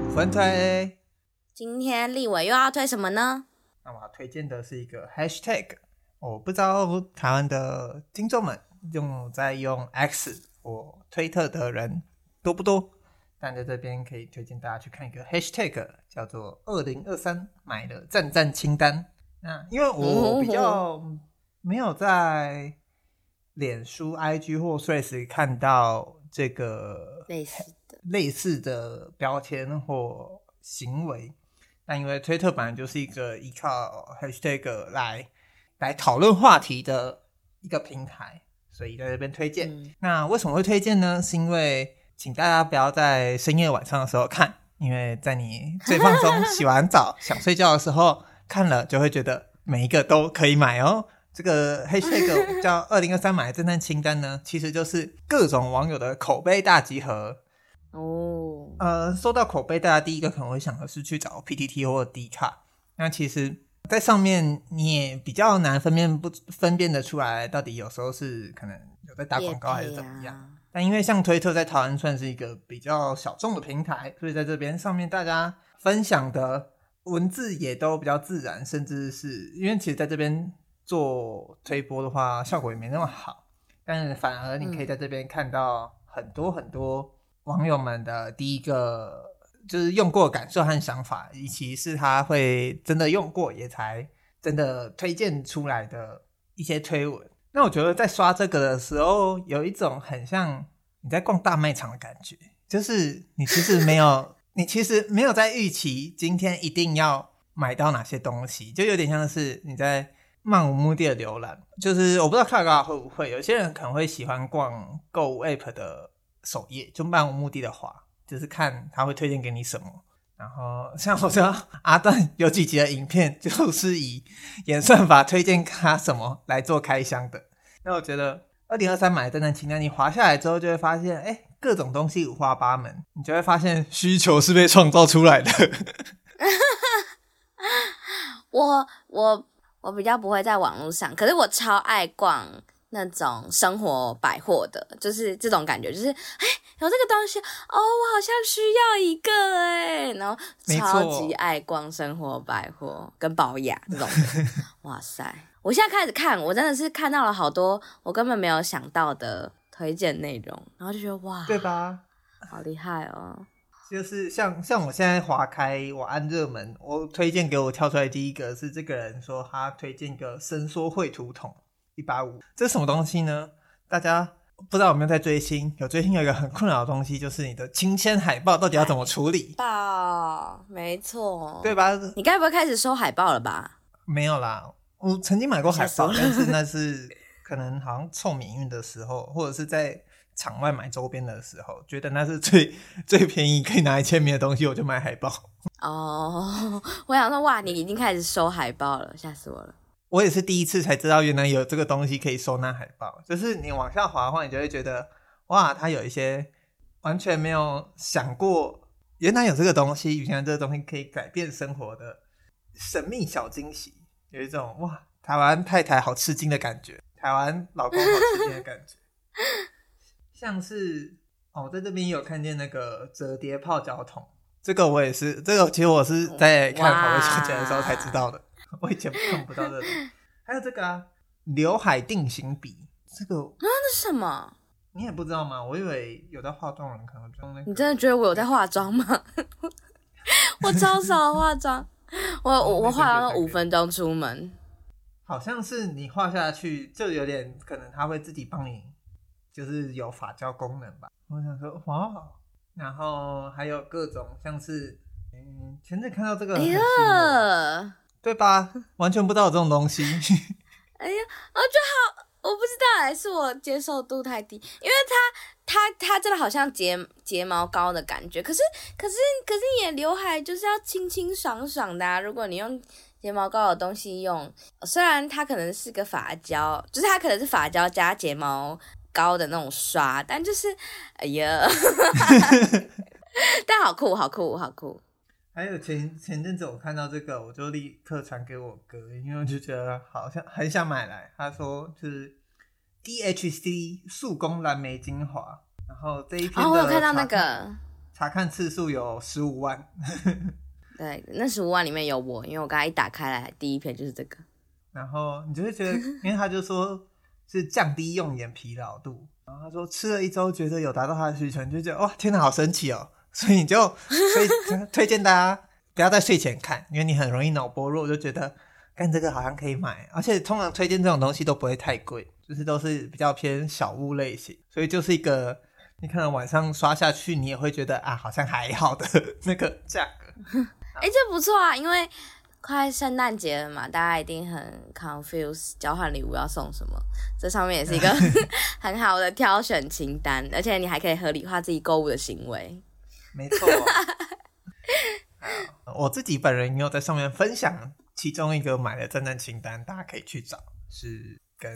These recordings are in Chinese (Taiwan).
五分推，今天力瑋又要推什麼呢？嗯、要麼呢，那我要推薦的是一個 Hashtag，我不知道台灣的聽眾們用在用 X 或推特的人多不多，但在這邊可以推薦大家去看一個 Hashtag，叫做“二零二三買了讚讚清單”。那因為我比較沒有在、嗯哼哼。臉書、IG 或 Threads 看到這個類似的、類似的標籤或行為，但因為推特本來就是一個依靠 hashtag 來來討論話題的一個平台，所以在這邊推薦。嗯、那為什麼會推薦呢？是因為請大家不要在深夜晚上的時候看，因為在你最放鬆、 洗完澡想睡覺的時候看了，就會覺得每一個都可以買哦。這個 hashtag 叫 “2023 買了讚讚清單”呢， 其實就是各種網友的口碑大集合。哦，呃，說到口碑，大家第一個可能會想的是去找 PTT 或 D 卡。那其實，在上面你也比較難分辨不，不分辨得出來到底有時候是可能有在打廣告還是怎麼樣。啊、但因為像推特在台灣算是一個比較小眾的平台，所以在這邊上面大家分享的文字也都比較自然，甚至是因為其實在這邊。做推播的話，效果也沒那麼好，但是反而你可以在這邊看到很多很多網友們的第一個就是用過的感受和想法，以及是他會真的用過也才真的推薦出來的一些推文。那我覺得在刷這個的時候，有一種很像你在逛大賣場的感覺，就是你其實沒有， 你其實沒有在預期今天一定要買到哪些東西，就有點像是你在。漫無目的的瀏覽，就是我不知道大家會不會，有些人可能會喜歡逛購物 app 的首頁，就漫無目的的滑，就是看他會推薦給你什麼。然後像我知道阿斷有幾集的影片，就是以演算法推薦他什麼來做開箱的。那我覺得2023買了讚讚清單，你滑下來之後就會發現，哎、欸，各種東西五花八門，你就會發現需求是被創造出來的。我 我。我我比較不會在網絡上，可是我超愛逛那種生活百貨的，就是這種感覺，就是哎、欸，有這個東西哦，我好像需要一個誒、欸，然後超級愛逛生活百貨跟寶雅這種。哇塞！我現在開始看，我真的是看到了好多我根本沒有想到的推薦內容，然後就覺得哇，對吧？好厲害哦！就是像像我現在劃開，我按熱門，我推薦給我跳出來第一個是這個人說他推薦一個伸縮繪圖筒，一百八十五，這是什麼東西呢？大家不知道有沒有在追星？有追星有一個很困擾的東西，就是你的親簽海報到底要怎麼處理？海報，沒錯，對吧？你該不會開始收海報了吧？沒有啦，我曾經買過海報，海報 但是那是可能好像湊免運的時候，或者是在。場外買周邊的時候，覺得那是最最便宜可以拿來簽名的東西，我就買海報。哦，oh, 我想說，哇，你已經開始收海報了，嚇死我了！我也是第一次才知道，原來有這個東西可以收納海報。就是你往下滑的話，你就會覺得，哇，它有一些完全沒有想過，原來有這個東西，原來這個東西可以改變生活的神秘小驚喜，有一種哇，台灣太太好吃驚的感覺，台灣老公好吃驚的感覺。 像是哦，在這邊有看見那個折疊泡腳桶。這個我也是，這個其實我是在看好為小姐的時候才知道的，我以前看不到這種。還有這個劉、啊、 海定型筆，這個啊，那是什麼？你也不知道嗎？我以為有在化妝能人看到。你真的覺得我有在化妝嗎？ 我超少化妝，我 我我，我化了五分鐘出門。好像是你畫下去就有點可能他會自己幫你。就是有髮膠功能吧，我想說哇、哦，然後還有各種像是，嗯、欸，前陣看到這個，哎、呦對吧？完全不知道有這種東西。哎呀，哦，最好，我不知道還是我接受度太低，因為它它它真的好像睫毛睫毛膏的感覺，可是可是可是你的劉海就是要清清爽爽的、啊，如果你用睫毛膏的東西用，雖然它可能是個髮膠，就是它可能是髮膠加睫毛。高的那種刷，但就是，哎呀， 但好酷，好酷，好酷。還有前前陣子我看到這個，我就立刻傳給我哥，因為我就覺得好像很想買來。他說就是 DHC 速攻藍莓精華，然後這一篇、哦、我有看到那個查看次數有十五萬， 對，那十五萬裡面有我，因為我剛才一打開來，第一篇就是這個，然後你就會覺得， 因為他就說。是降低用眼疲勞度，然後他說吃了一周，覺得有達到他的需求，你就覺得哇，天哪，好神奇哦！所以你就所以推薦。 大家不要在睡前看，因為你很容易腦波弱，就覺得幹，這個好像可以買，而且通常推薦這種東西都不會太貴，就是都是比較偏小物類型，所以就是一個，你看了晚上刷下去，你也會覺得啊，好像還好的那個價格，哎、欸，這不錯啊，因為。快聖誕節了嘛，大家一定很 confuse 交換禮物要送什麼？這上面也是一個 很好的挑選清單，而且你還可以合理化自己購物的行為。沒錯、啊， 我自己本人也有在上面分享其中一個買的聖誕清單，大家可以去找，是跟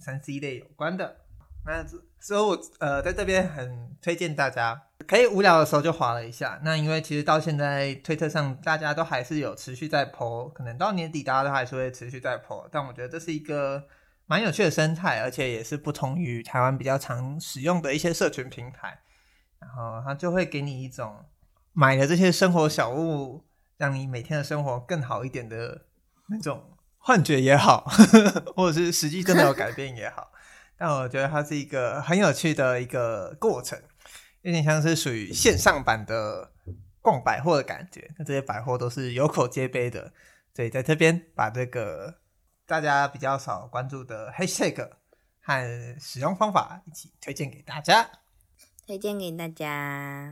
三 C 類有關的。那所以，我、so，呃在這邊很推薦大家。可以無聊的時候就滑了一下。那因為其實到現在推特上，大家都還是有持續在 po，可能到年底大家都還是會持續在 po。但我覺得這是一個蠻有趣的生態，而且也是不同於台灣比較常使用的一些社群平台。然後它就會給你一種買了這些生活小物，讓你每天的生活更好一點的那種幻覺也好，呵呵，或者是實際真的有改變也好。 但我覺得它是一個很有趣的一個過程。有點像是屬於線上版的逛百貨的感覺，那這些百貨都是有口皆碑的，所以在這邊把這個大家比較少關注的 hashtag 和使用方法一起推薦給大家，推薦給大家。